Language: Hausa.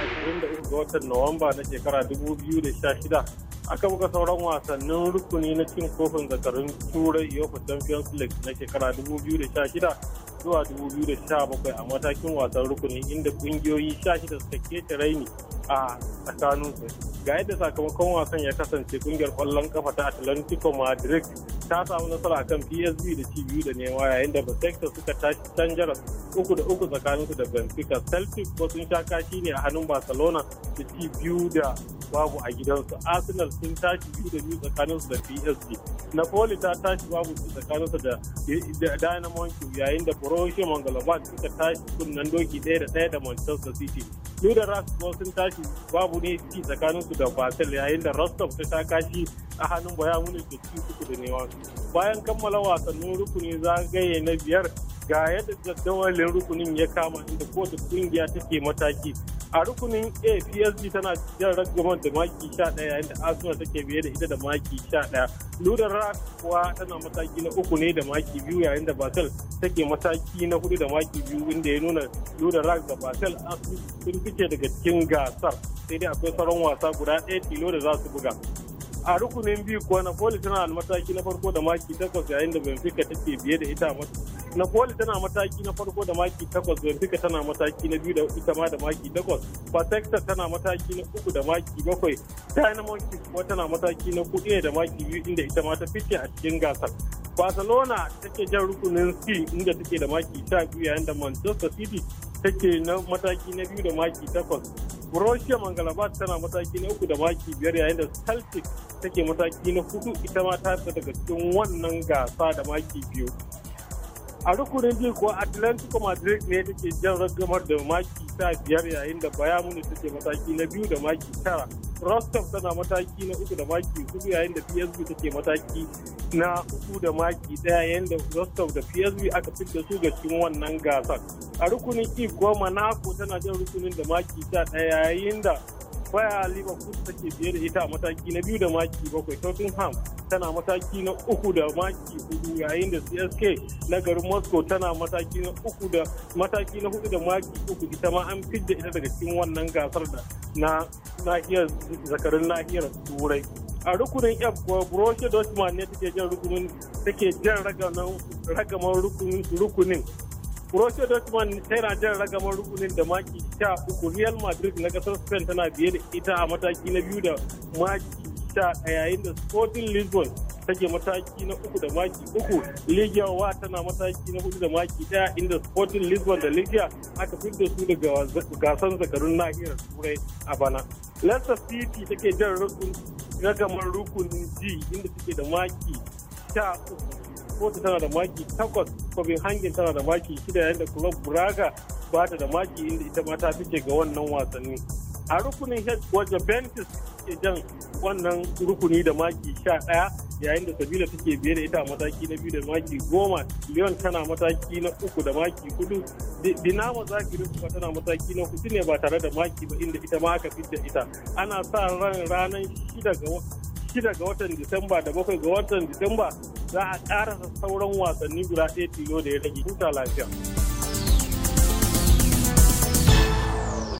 23 ga watan Nuwamba na shekara 2016 aka buga sauran wasannin rukuni na cin kofin zakarun turai yofa champions league na shekara 2016 zuwa 2017 a matakin wasan rukunin inda kungiyoyi 16 suka keta raini a tsakanin su. ga yadda sakamakon wasan ya kasance kungiyar kwallon kafa ta atlantico madrid ta samu nasara kan psv da cibiyu da nema yayin da basekta suka tashi canjara uku da uku tsakanin su da benfica celtic ko sun sha kashi ne a hannun barcelona da cibiyu da babu a gidansu arsenal sun tashi biyu da biyu tsakaninsu da psg napoli ta tashi babu su tsakaninsu da dynamo yayin da borussia mönchengladbach suka tashi kunnan doki ɗaya da ɗaya da manchester city da Rasmus sun tashi babu ne ci tsakaninsu da Basel yayin da Rostov ta kashi a hannun baya Munich da ci uku da newa. Bayan kammala wasannin rukuni zagaye na biyar ga yadda jadawalin rukunin ya kama inda kowace kungiya take mataki a rukunin a psg tana jan ragaman da maki 11 yayin da arsenal take biye da ita da maki 11 ludan rak kuwa tana mataki na uku ne da maki biyu yayin da basel take mataki na hudu da maki biyu inda ya nuna ludan rack da basel sun fice daga cikin gasar sai dai akwai sauran wasa guda ɗaya tilo da za su buga a rukunin biyu kuwa napoli tana mataki na farko da maki takwas yayin da benfica take biye da ita poli tana mataki na farko da maki takwas Benfica tana mataki na biyu da ita ma da maki takwas Patexta tana mataki na uku da maki bakwai maki kuma tana mataki na kuɗi ne da maki biyu inda ita ma ta fice a cikin gasar. Barcelona take jan rukunin C inda take da maki sha biyu yayin da Manchester City take na mataki na biyu da maki takwas. Borussia Mönchengladbach tana mataki na uku da maki biyar yayin da Celtic take mataki na hudu ita ma ta daga cikin wannan gasa da maki biyu. a rukunin biyu kuwa atlantico madrid ne take jan ragamar da maki sha biyar yayin da bayamuni take mataki na biyu da maki tara rostov tana mataki na uku da maki hudu yayin da psv take mataki na uku da maki daya yayin da rostov da psv aka da su ga cikin wannan gasar a rukunin e kuwa tana jan rukunin da maki sha daya yayin da waya liverpool take biye da ita a mataki na biyu da maki bakwai tottenham tana mataki na uku da maki hudu yayin da csk na garin moscow tana mataki na uku da mataki na hudu da maki uku ita ma an da ita daga cikin wannan gasar da na nahiyar zakarin nahiyar turai a rukunin f borussia dortmund ne take jan rukunin take jan ragaman rukunin Borussia Dortmund tana jan ragamar rukunin da maki sha uku Real Madrid na kasar Spain tana biye da ita a mataki na biyu da maki sha a yayin da Sporting Lisbon take mataki na uku da maki uku Ligia wa tana mataki na hudu da maki daya inda Sporting Lisbon da Ligia aka da su daga gasan zakarun nahiyar Turai a bana. Leicester City take jan ragamar rukunin G inda take da maki sha uku Porto tana da maki takwas hangin tana da maki shida yayin da Club Braga ba ta da maki inda ita ma ta fice ga wannan wasanni. A rukunin head kuwa Juventus ke jan wannan rukuni da maki sha daya yayin da Sabila take biye da ita a mataki na biyu da maki goma leon tana mataki na uku da maki hudu Dinamo Zagreb kuma tana mataki na hudu ne ba tare da maki ba inda ita ma aka fice ita ana sa ran ranar shida ga shida ga watan Disamba da bakwai ga watan Disamba za a ƙarasa sauran wasanni guda ɗaya tilo da ya rage huta lafiya.